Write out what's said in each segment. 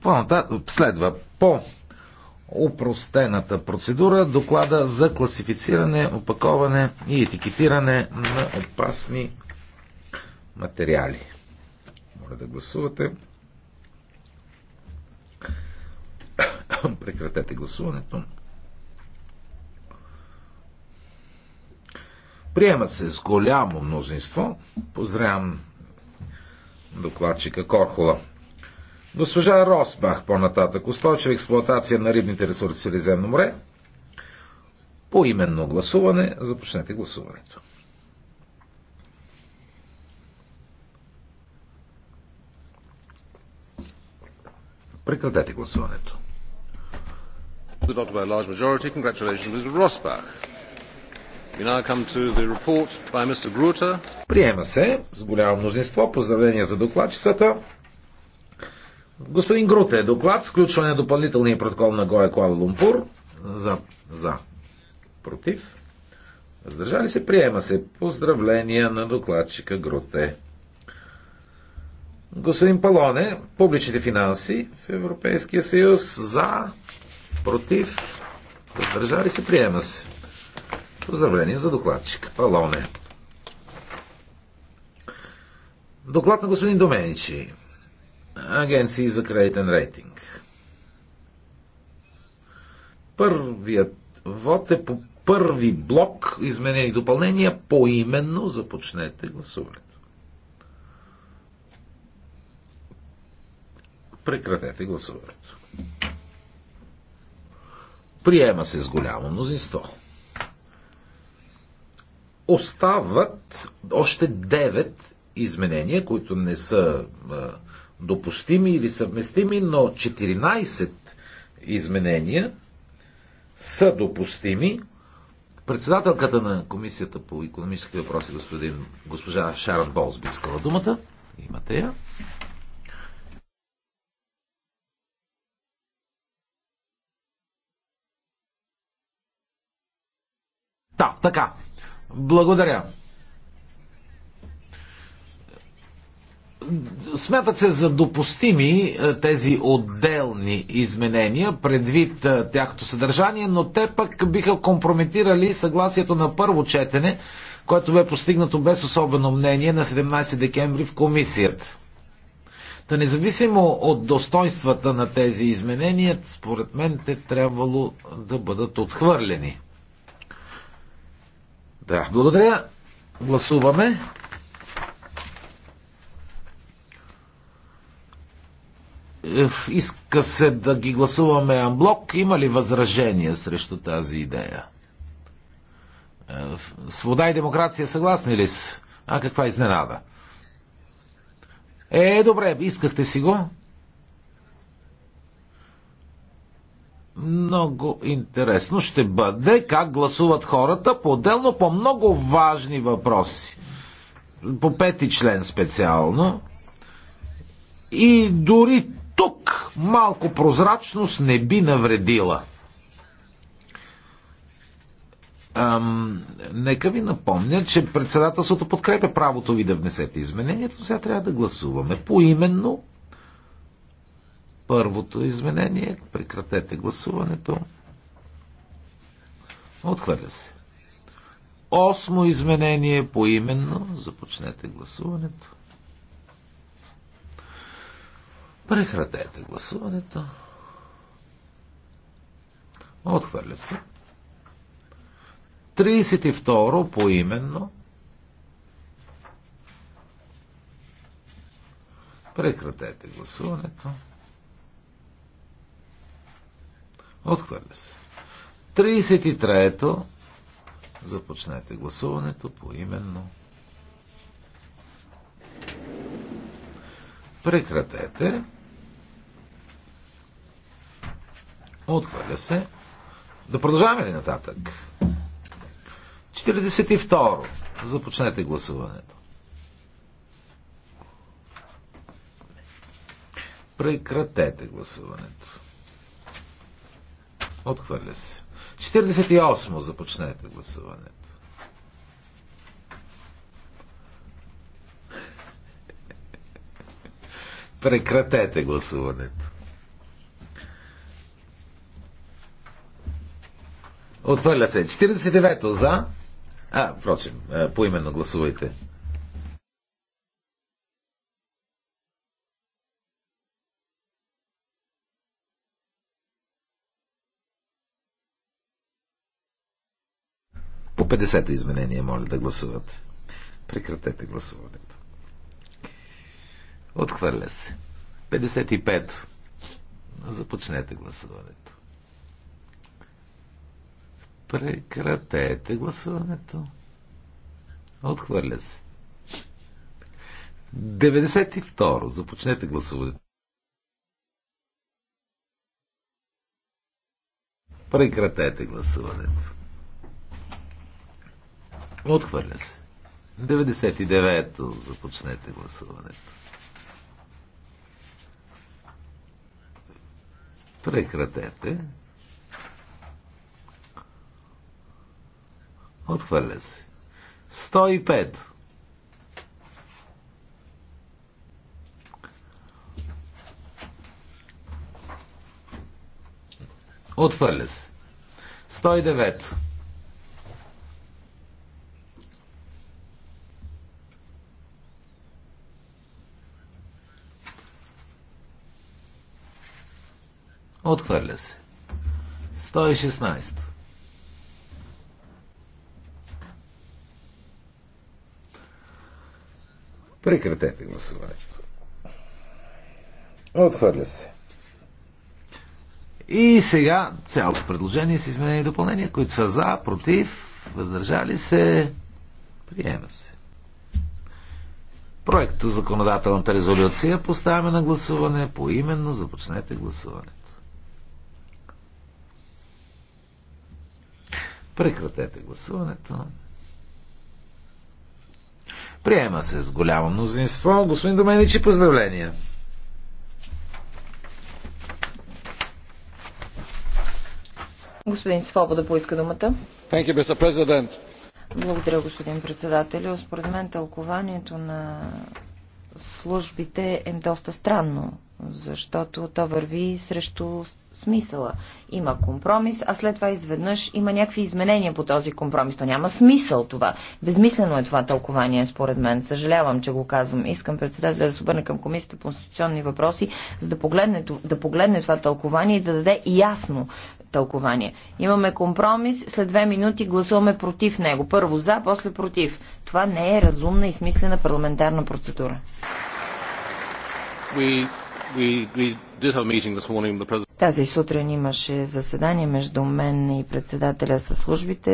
Планата следва по упростената процедура доклада за класифициране, опаковане и етикетиране на опасни материали. Моля да гласувате. Прекратете гласуването. Приема се с голямо мнозинство. Поздравям докладчика Корхола. Госпожа Росбах по-нататък. Устойчива експлуатация на рибните ресурси в Средиземно море. По именно гласуване. Започнете гласуването. Прекратете гласуването. Приема се с голямо мнозинство. Поздравления за докладчицата. Господин Груте, доклад, сключване на допълнителния протокол на Гоя Куала Лумпур. За, за. Против. Въздържали се, приема се. Поздравления на докладчика Груте. Господин Палоне, публичните финанси в Европейския съюз за, против, въздържали се, приема се. Поздравление за докладчик. Палоне. Доклад на господин Доменичи агенции за кредитен рейтинг. Първият вод е по първи блок изменени допълнения поименно започнете гласуването. Прекратете гласуването. Приема се с голямо мнозинство. Остават още 9 изменения, които не са допустими или съвместими, но 14 изменения са допустими. Председателката на Комисията по економически въпроси, господин, госпожа Шаран Болс, би искала думата. Имате я. Да, така. Благодаря. Смятат се за допустими е, тези отделни изменения предвид е, тяхното съдържание, но те пък биха компрометирали съгласието на първо четене, което бе постигнато без особено мнение на 17 декември в комисията. Та независимо от достоинствата на тези изменения, според мен те трябвало да бъдат отхвърлени. Да, благодаря. Гласуваме. Иска се да ги гласуваме амблок. Има ли възражение срещу тази идея? Свода и демокрация съгласни ли с? А каква изненада? Е, добре, искахте си го. Много интересно ще бъде как гласуват хората по-отделно по много важни въпроси. По пети член специално. И дори тук малко прозрачност не би навредила. Ам, нека ви напомня, че председателството подкрепя правото ви да внесете изменението. Сега трябва да гласуваме поименно първото изменение. Прекратете гласуването. Отхвърля се. Осмо изменение поименно. Започнете гласуването. Прекратете гласуването. Отхвърля се. 32 поименно. Прекратете гласуването. Отхвърля се. 33-то. Започнете гласуването поименно. Прекратете. Отхвърля се. Да продължаваме ли нататък? 42. Започнете гласуването. Прекратете гласуването. Отхвърля се. 48. Започнете гласуването. Прекратете гласуването. Отхвърля се. 49-то за. А, впрочем, е, поименно гласувайте. По 50-то изменение моля да гласувате. Прекратете гласуването. Отхвърля се. 55-то. Започнете гласуването. Прекратете гласуването. Отхвърля се. 92. Започнете гласуването. Прекратете гласуването. Отхвърля се. 99-то започнете гласуването. Прекратете. Отхвърля се. 105. Отхвърля се. 109. Отхвърля се. 116. Прекратете гласуването. Отхвърля се. И сега цялото предложение с изменени и допълнения, които са за, против, въздържали се, приема се. Проекто законодателната резолюция поставяме на гласуване по именно започнете гласуването. Прекратете гласуването. Приема се с голямо мнозинство. Господин Доменичи, поздравления! Господин Свобода поиска думата. You, Благодаря, господин председател. Според мен тълкованието на службите е доста странно, защото то върви срещу смисъла. Има компромис, а след това изведнъж има някакви изменения по този компромис. То няма смисъл това. Безмислено е това тълкование, според мен. Съжалявам, че го казвам. Искам председателя да се обърне към комисията по конституционни въпроси, за да погледне, да погледне това тълкование и да даде ясно тълкование. Имаме компромис, след две минути гласуваме против него. Първо за, после против. Това не е разумна и смислена парламентарна процедура. We тази сутрин имаше заседание между мен и председателя със службите.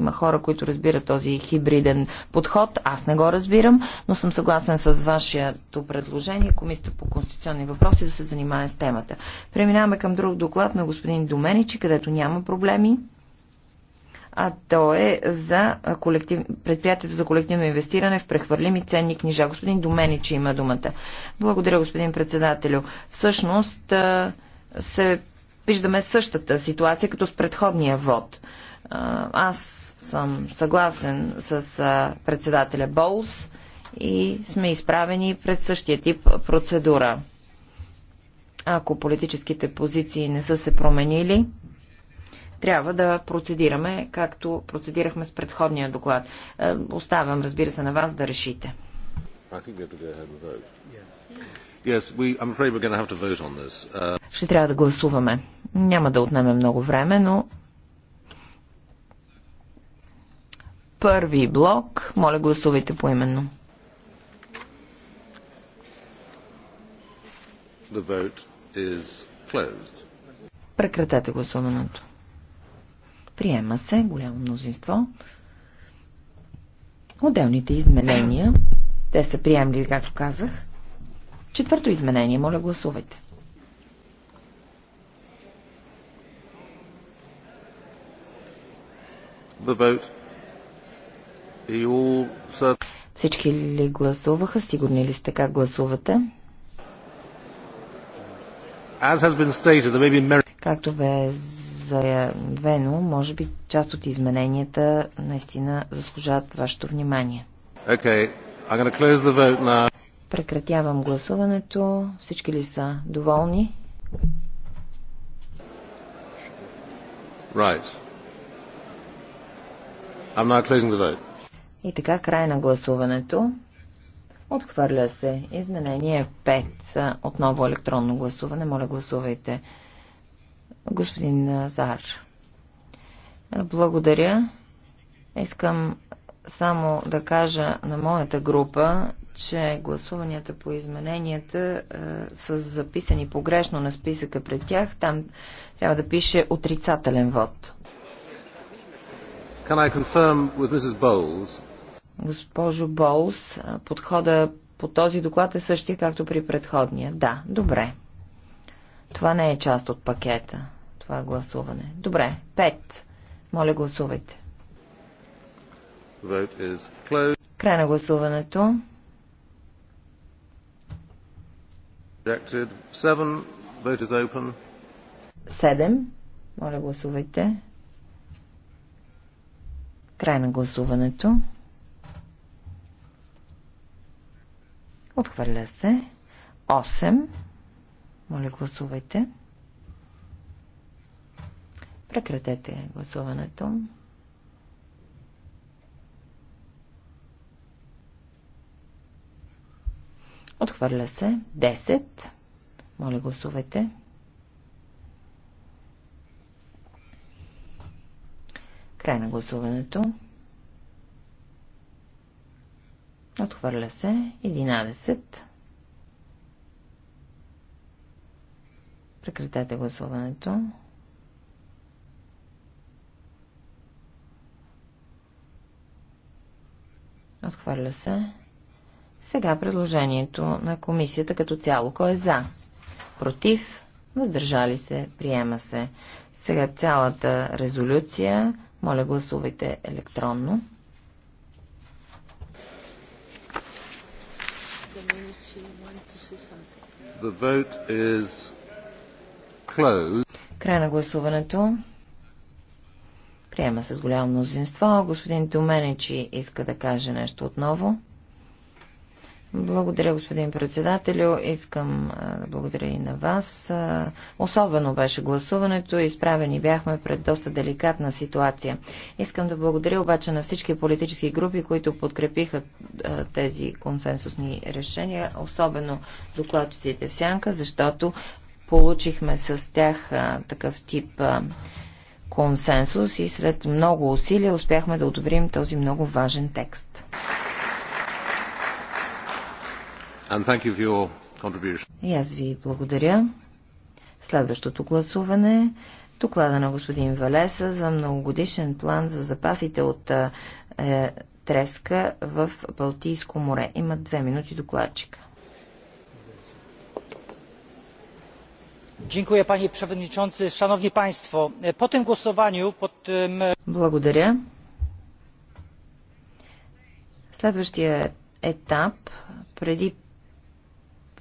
Има хора, които разбират този хибриден подход. Аз не го разбирам, но съм съгласен с вашето предложение. Комисията по конституционни въпроси да се занимае с темата. Преминаваме към друг доклад на господин Доменичи, където няма проблеми а то е за колектив... предприятието за колективно инвестиране в прехвърлими ценни книжа. Господин Доменич има думата. Благодаря, господин председателю. Всъщност се виждаме същата ситуация като с предходния вод. Аз съм съгласен с председателя Болс и сме изправени през същия тип процедура. Ако политическите позиции не са се променили, трябва да процедираме, както процедирахме с предходния доклад. Е, оставям, разбира се, на вас да решите. Uh, Ще трябва да гласуваме. Няма да отнеме много време, но първи блок, моля гласувайте поименно. The vote is closed. Прекратете гласуването. Приема се голямо мнозинство. Отделните изменения, те са приемли, както казах. Четвърто изменение, моля гласувайте. Всички ли гласуваха? Сигурни ли сте как гласувате? Както бе заявено, може би част от измененията наистина заслужават вашето внимание. Okay. I'm gonna close the vote now. Прекратявам гласуването. Всички ли са доволни? Right. I'm now closing the vote. И така, край на гласуването. Отхвърля се. Изменение 5. Отново електронно гласуване. Моля, гласувайте. Господин Зар, благодаря. Искам само да кажа на моята група, че гласуванията по измененията е, са записани погрешно на списъка пред тях. Там трябва да пише отрицателен вод. Bowles? Госпожо Боулс, е, подхода по този доклад е същия, както при предходния. Да, добре. Това не е част от пакета това гласуване. Добре, 5. Моля, гласувайте. Край на гласуването. Седем. Моля, гласувайте. Край на гласуването. Отхвърля се. 8. Моля, гласувайте. Прекратете гласуването. Отхвърля се. 10. Моля, гласувайте. Край на гласуването. Отхвърля се. 11. Прекратете гласуването. Отхвърля се. Сега предложението на комисията като цяло. Кой е за? Против? Въздържали се? Приема се. Сега цялата резолюция. Моля, гласувайте електронно. Край на гласуването. Приема с голямо мнозинство. Господин Доменечи иска да каже нещо отново. Благодаря, господин председателю. Искам да благодаря и на вас. Особено беше гласуването. Изправени бяхме пред доста деликатна ситуация. Искам да благодаря обаче на всички политически групи, които подкрепиха тези консенсусни решения, особено докладчиците в Сянка, защото получихме с тях такъв тип консенсус и след много усилия успяхме да одобрим този много важен текст. You и аз ви благодаря. Следващото гласуване доклада на господин Валеса за многогодишен план за запасите от е, треска в Балтийско море. Има две минути докладчика. panie przewodniczący! szanowni państwo! po tym głosowaniu po tym. Благодаря. Следващия етап преди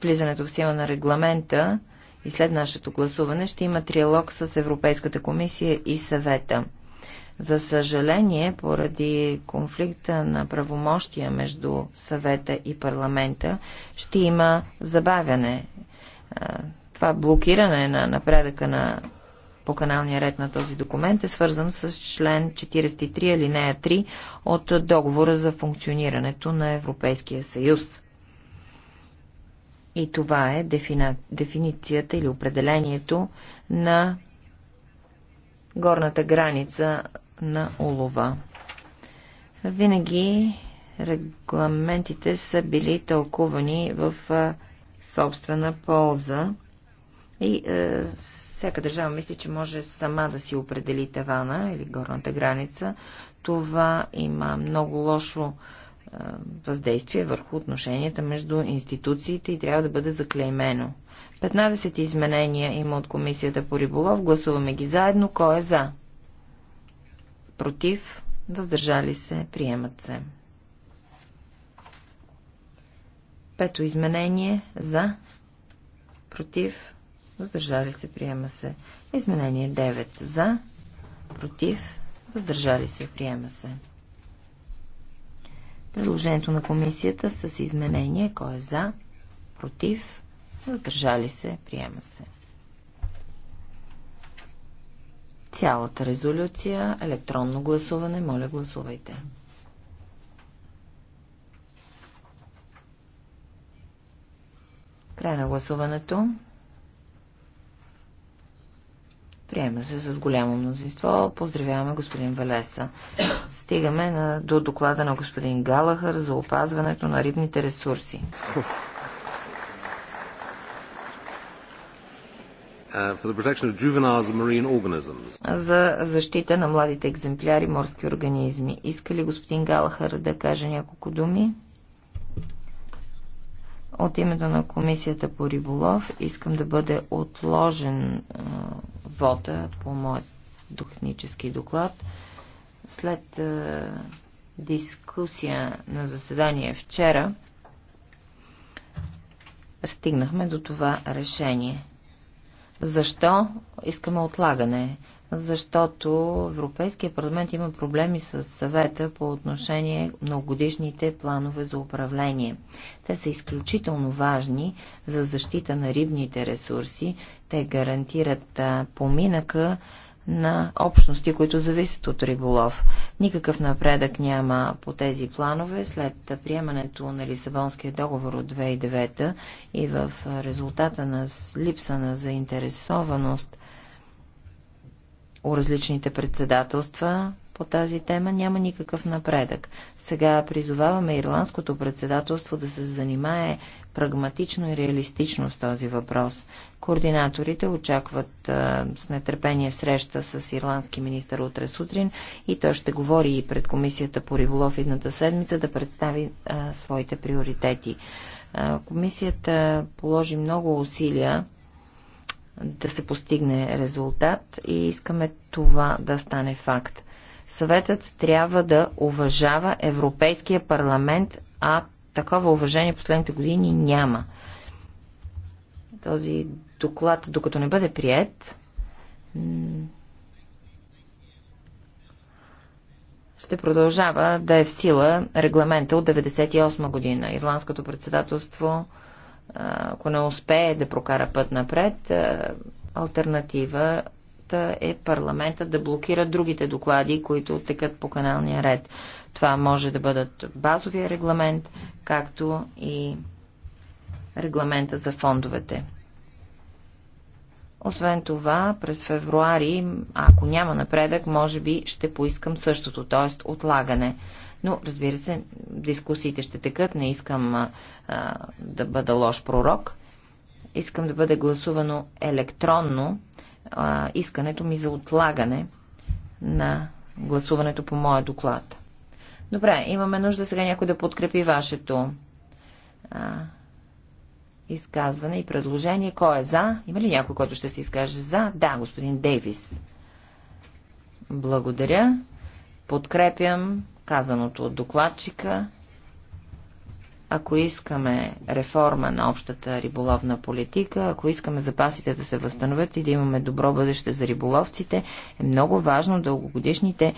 влизането в сила на регламента и след нашето гласуване ще има триалог с Европейската комисия и съвета. За съжаление, поради конфликта на правомощия между съвета и парламента, ще има забавяне това блокиране на напредъка на по каналния ред на този документ е свързан с член 43 алинея 3 от договора за функционирането на Европейския съюз. И това е дефина... дефиницията или определението на горната граница на улова. Винаги регламентите са били тълкувани в собствена полза и е, всяка държава мисли, че може сама да си определи тавана или горната граница. Това има много лошо е, въздействие върху отношенията между институциите и трябва да бъде заклеймено. 15 изменения има от Комисията по риболов. Гласуваме ги заедно. Кой е за? Против? Въздържали се? Приемат се. Пето изменение за, против, въздържали се, приема се. Изменение 9 за, против, въздържали се, приема се. Предложението на комисията с изменение, кой е за, против, въздържали се, приема се. Цялата резолюция, електронно гласуване, моля гласувайте. Край на гласуването. Приема се с голямо мнозинство. Поздравяваме господин Велеса. Стигаме на, до доклада на господин Галахър за опазването на рибните ресурси. Uh, за защита на младите екземпляри морски организми. Иска ли господин Галахър да каже няколко думи? От името на Комисията по риболов искам да бъде отложен а, вода по моят духнически доклад. След а, дискусия на заседание вчера стигнахме до това решение. Защо искаме отлагане? защото Европейския парламент има проблеми с съвета по отношение на годишните планове за управление. Те са изключително важни за защита на рибните ресурси. Те гарантират поминъка на общности, които зависят от риболов. Никакъв напредък няма по тези планове след приемането на Лисабонския договор от 2009 и в резултата на липса на заинтересованост у различните председателства по тази тема няма никакъв напредък. Сега призоваваме Ирландското председателство да се занимае прагматично и реалистично с този въпрос. Координаторите очакват а, с нетърпение среща с ирландски министър утре сутрин и той ще говори и пред комисията по риболов едната седмица да представи а, своите приоритети. А, комисията положи много усилия да се постигне резултат и искаме това да стане факт. Съветът трябва да уважава Европейския парламент, а такова уважение последните години няма. Този доклад, докато не бъде прият, ще продължава да е в сила регламента от 1998 година. Ирландското председателство ако не успее да прокара път напред, альтернативата е парламента да блокира другите доклади, които текат по каналния ред. Това може да бъдат базовия регламент, както и регламента за фондовете. Освен това, през февруари, ако няма напредък, може би ще поискам същото, т.е. отлагане. Но, разбира се, дискусиите ще текат. Не искам а, да бъда лош пророк. Искам да бъде гласувано електронно а, искането ми за отлагане на гласуването по моя доклад. Добре, имаме нужда сега някой да подкрепи вашето а, изказване и предложение. Кой е за? Има ли някой, който ще се изкаже за? Да, господин Дейвис. Благодаря. Подкрепям казаното от докладчика. Ако искаме реформа на общата риболовна политика, ако искаме запасите да се възстановят и да имаме добро бъдеще за риболовците, е много важно дългогодишните,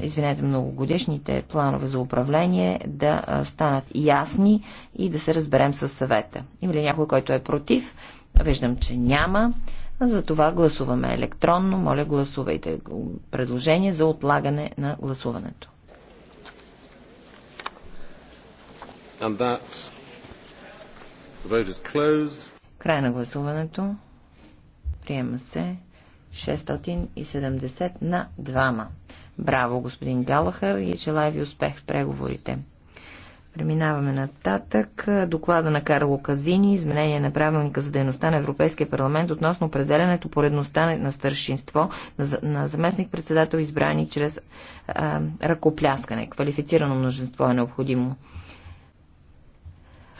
извинете, многогодишните планове за управление да станат ясни и да се разберем с съвета. Има ли някой, който е против? Виждам, че няма. За това гласуваме електронно. Моля, гласувайте предложение за отлагане на гласуването. And that the vote is closed. Край на гласуването. Приема се 670 на двама. Браво, господин Галахър, и желая ви успех в преговорите. Преминаваме нататък. Доклада на Карло Казини, изменение на правилника за дейността на Европейския парламент относно определенето поредността на старшинство на заместник-председател, избрани чрез а, ръкопляскане. Квалифицирано множество е необходимо.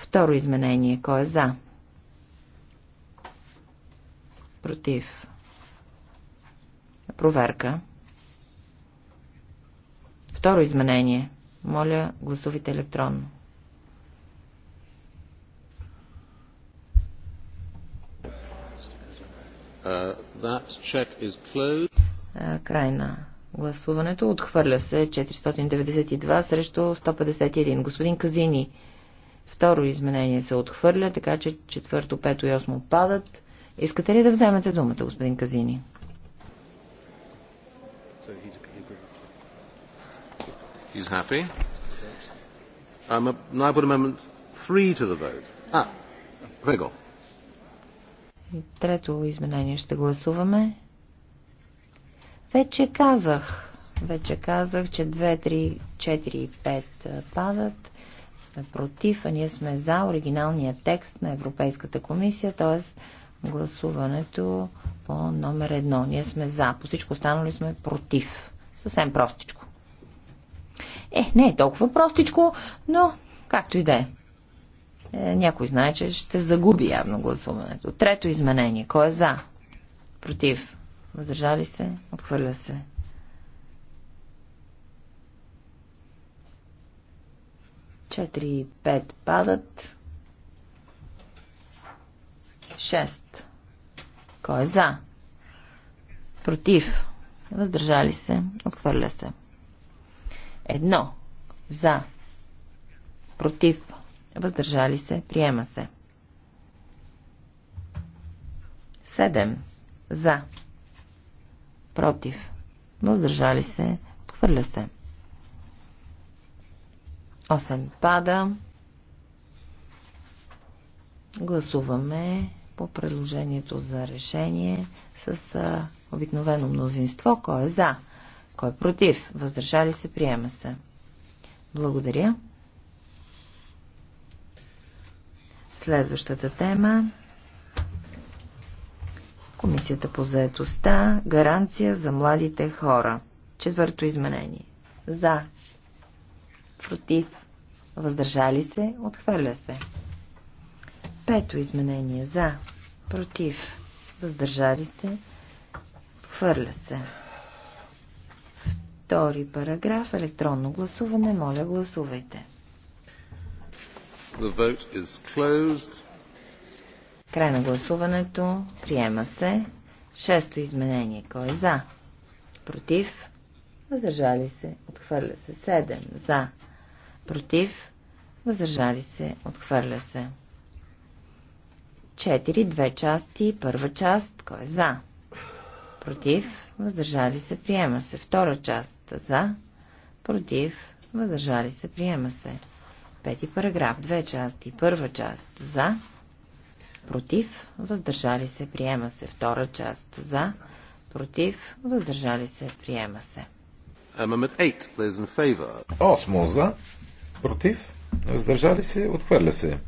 Второ изменение. Кой е за? Против. Проверка. Второ изменение. Моля, гласувайте електронно. Uh, Край на гласуването. Отхвърля се 492 срещу 151. Господин Казини. Второ изменение се отхвърля, така че четвърто, пето и осмо падат. Искате ли да вземете думата, господин Казини? He's happy. Um, now put amendment three to the vote. Ah, Gregor. Трето изменение ще гласуваме. Вече казах, вече казах, че 2, 3, 4 и 5 падат сме против, а ние сме за оригиналния текст на Европейската комисия, т.е. гласуването по номер едно. Ние сме за. По всичко останали сме против. Съвсем простичко. Е, не е толкова простичко, но както и да е. е. Някой знае, че ще загуби явно гласуването. Трето изменение. Кой е за? Против? Въздържали се? Отхвърля се. 4 и 5 падат. 6. Кой е за? Против. Въздържали се. Отхвърля се. Едно. За. Против. Въздържали се. Приема се. 7. За. Против. Въздържали се. Отхвърля се. 8 пада. Гласуваме по предложението за решение с обикновено мнозинство. Кой е за? Кой е против? Въздържали се? Приема се. Благодаря. Следващата тема. Комисията по заедостта. Гаранция за младите хора. Четвърто изменение. За против, въздържали се, отхвърля се. Пето изменение за, против, въздържали се, отхвърля се. Втори параграф, електронно гласуване, моля гласувайте. The vote is closed. Край на гласуването, приема се. Шесто изменение, кой е за? Против, въздържали се, отхвърля се. Седем, за, против, въздържали се, отхвърля се. Четири, две части, първа част, кой е за, против, въздържали се, приема се. Втора част, за, против, въздържали се, приема се. Пети параграф, две части, първа част, за, против, въздържали се, приема се. Втора част, за, против, въздържали се, приема се. Amendment 8, those in favor. Осмо за, Против? Въздържали се? Отхвърля се.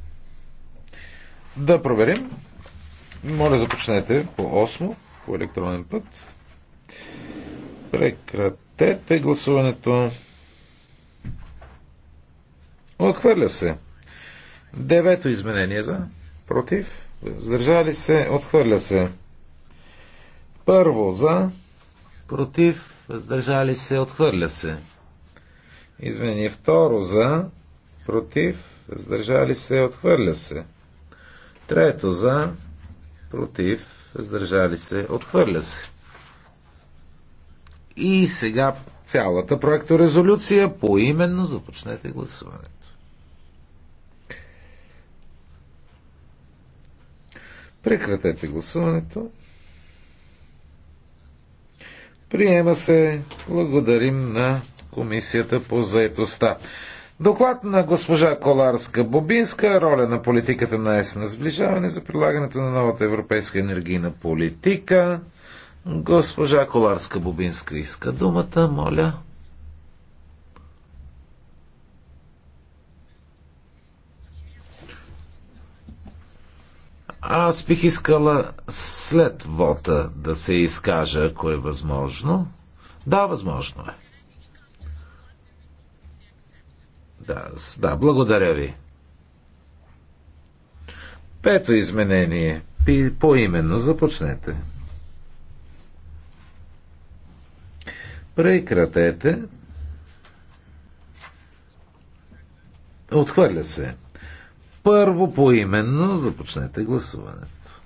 Да проверим. Моля, започнете по 8 по електронен път. Прекратете гласуването. Отхвърля се. Девето изменение за. Против. Сдържали се. Отхвърля се. Първо за. Против. Въздържали се. Отхвърля се. Извини, второ за, против, въздържали се, отхвърля се. Трето за, против, въздържали се, отхвърля се. И сега цялата проекторезолюция поименно започнете гласуването. Прекратете гласуването. Приема се. Благодарим на Комисията по заедостта. Доклад на госпожа Коларска-Бобинска, роля на политиката на ЕС на сближаване за прилагането на новата европейска енергийна политика. Госпожа Коларска-Бобинска иска думата, моля. Аз бих искала след вота да се изкажа, ако е възможно. Да, възможно е. Да, да, благодаря ви. Пето изменение. Поименно започнете. Прекратете. Отхвърля се. Първо поименно започнете гласуването.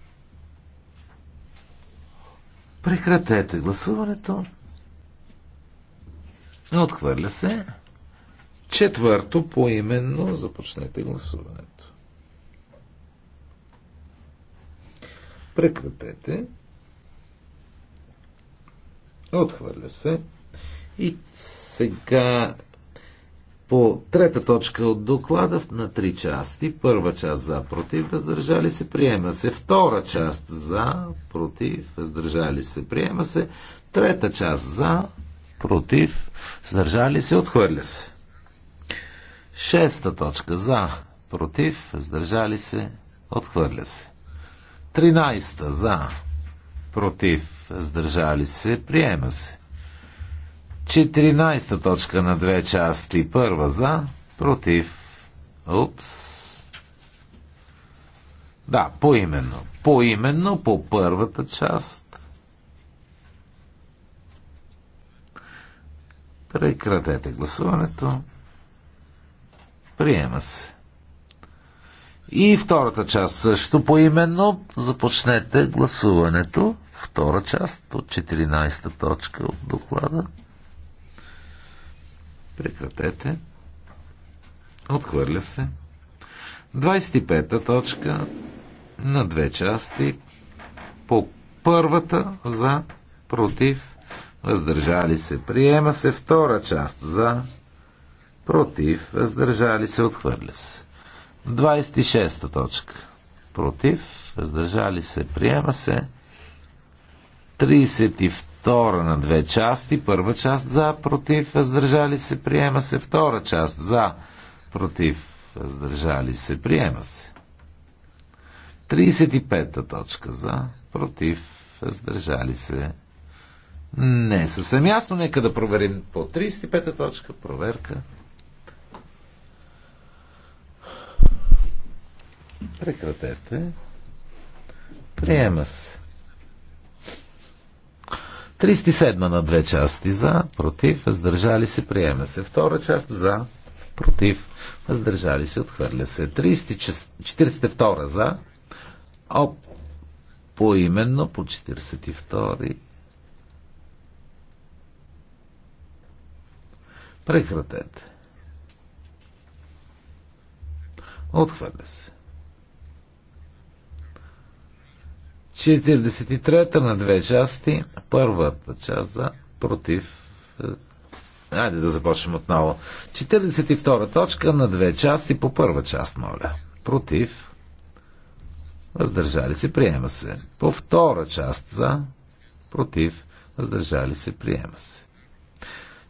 Прекратете гласуването. Отхвърля се. Четвърто, поименно, започнете гласуването. Прекратете. Отхвърля се. И сега по трета точка от доклада на три части. Първа част за, против, въздържали се, приема се. Втора част за, против, въздържали се, приема се. Трета част за, против, въздържали се, отхвърля се. Шеста точка за, против, въздържали се, отхвърля се. Тринайста за, против, въздържали се, приема се. Четиринайста точка на две части, първа за, против, упс. Да, поименно. Поименно по първата част. Прекратете гласуването. Приема се. И втората част също по именно. Започнете гласуването. Втора част по 14-та точка от доклада. Прекратете. Отхвърля се. 25-та точка на две части. По първата за против. Въздържали се. Приема се втора част за против, въздържали се, отхвърля се. 26 точка. Против, въздържали се, приема се. 32 на две части. Първа част за, против, въздържали се, приема се. Втора част за, против, въздържали се, приема се. 35-та точка за, против, въздържали се. Не е съвсем ясно, нека да проверим по 35-та точка проверка. Прекратете. Приема се. 37 на две части за, против, въздържали се, приема се. Втора част за, против, въздържали се, отхвърля се. 30, 42 за, о, поименно по 42. Прекратете. Отхвърля се. 43-та на две части. Първата част за против. Айде да започнем отново. 42 точка на две части по първа част, моля. Против. Въздържали се, приема се. По втора част за. Против. Въздържали се, приема се.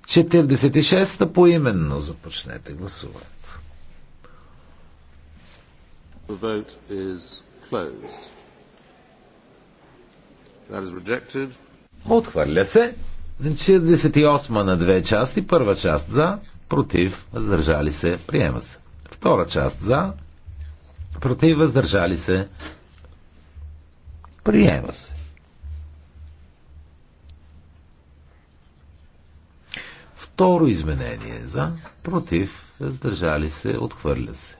46-та поименно започнете гласуването. The vote is closed. Отхвърля се. 48 на две части. Първа част за, против, въздържали се, приема се. Втора част за, против, въздържали се, приема се. Второ изменение за, против, въздържали се, отхвърля се.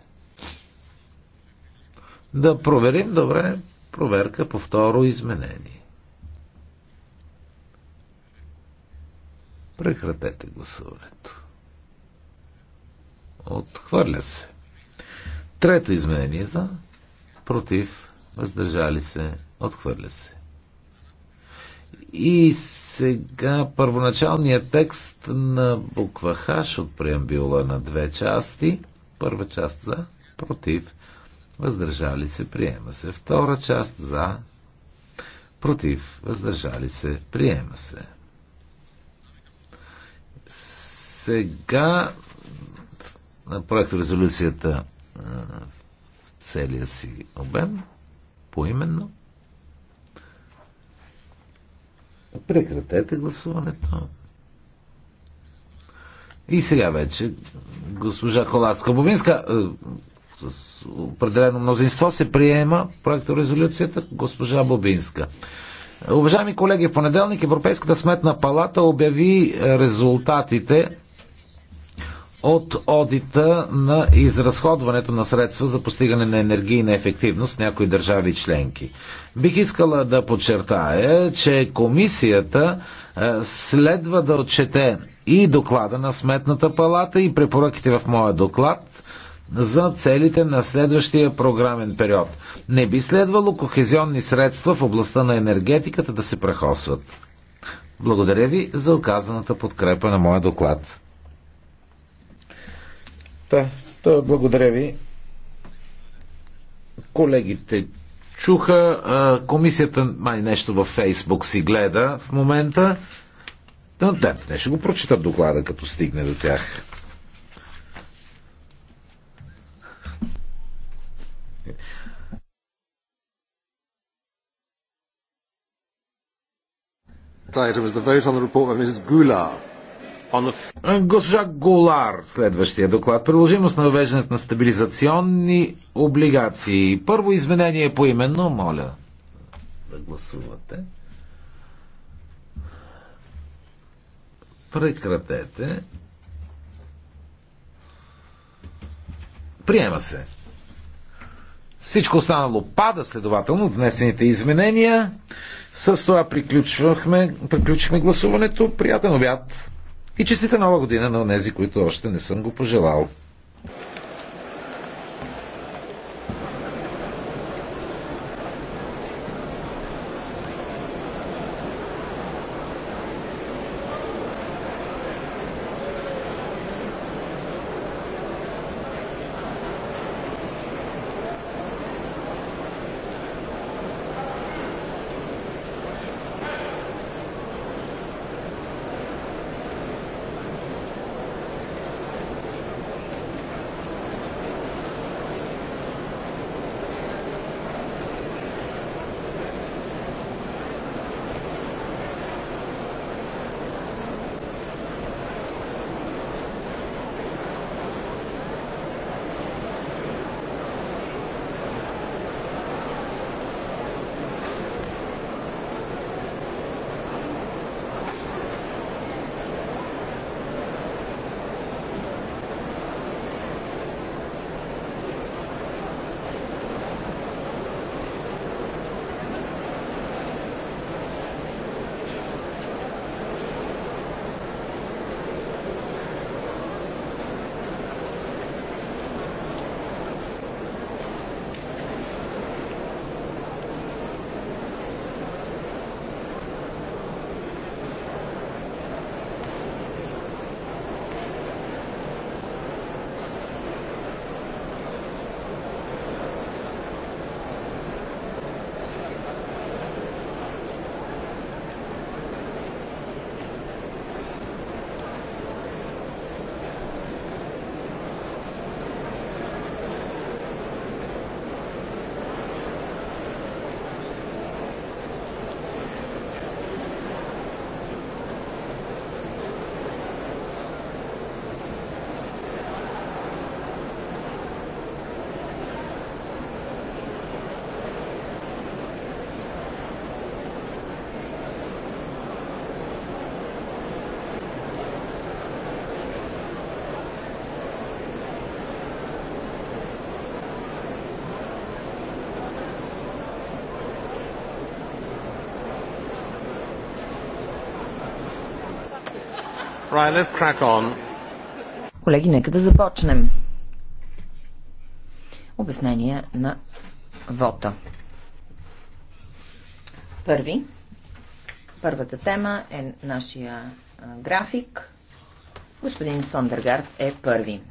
Да проверим, добре, проверка по второ изменение. Прекратете гласуването. Отхвърля се. Трето изменение за против, въздържали се, отхвърля се. И сега първоначалният текст на буква Х от преамбюла на две части. Първа част за против, въздържали се, приема се. Втора част за против, въздържали се, приема се. Сега на резолюцията в целия си обем, поименно. Прекратете гласуването. И сега вече госпожа Холацка-Бобинска с определено мнозинство се приема резолюцията госпожа Бобинска. Уважаеми колеги, в понеделник Европейската сметна палата обяви резултатите от одита на изразходването на средства за постигане на енергийна ефективност в някои държави членки. Бих искала да подчертая, че комисията е, следва да отчете и доклада на Сметната палата и препоръките в моя доклад за целите на следващия програмен период. Не би следвало кохезионни средства в областта на енергетиката да се прехосват. Благодаря ви за оказаната подкрепа на моя доклад. Та, да, благодаря ви. Колегите чуха. Комисията май нещо във Фейсбук си гледа в момента. Да, да, те ще го прочитат доклада, като стигне до тях. item is the vote on the report by Mrs. Госпожа Голар, следващия доклад. Приложимост на въвеждането на стабилизационни облигации. Първо изменение по именно, моля да гласувате. Прекратете. Приема се. Всичко останало пада, следователно, внесените изменения. С това приключвахме, приключихме гласуването. Приятен обяд! И честита нова година на онези, които още не съм го пожелал. Right, let's crack on. Колеги, нека да започнем. Обяснение на вота. Първи. Първата тема е нашия график. Господин Сондергард е първи.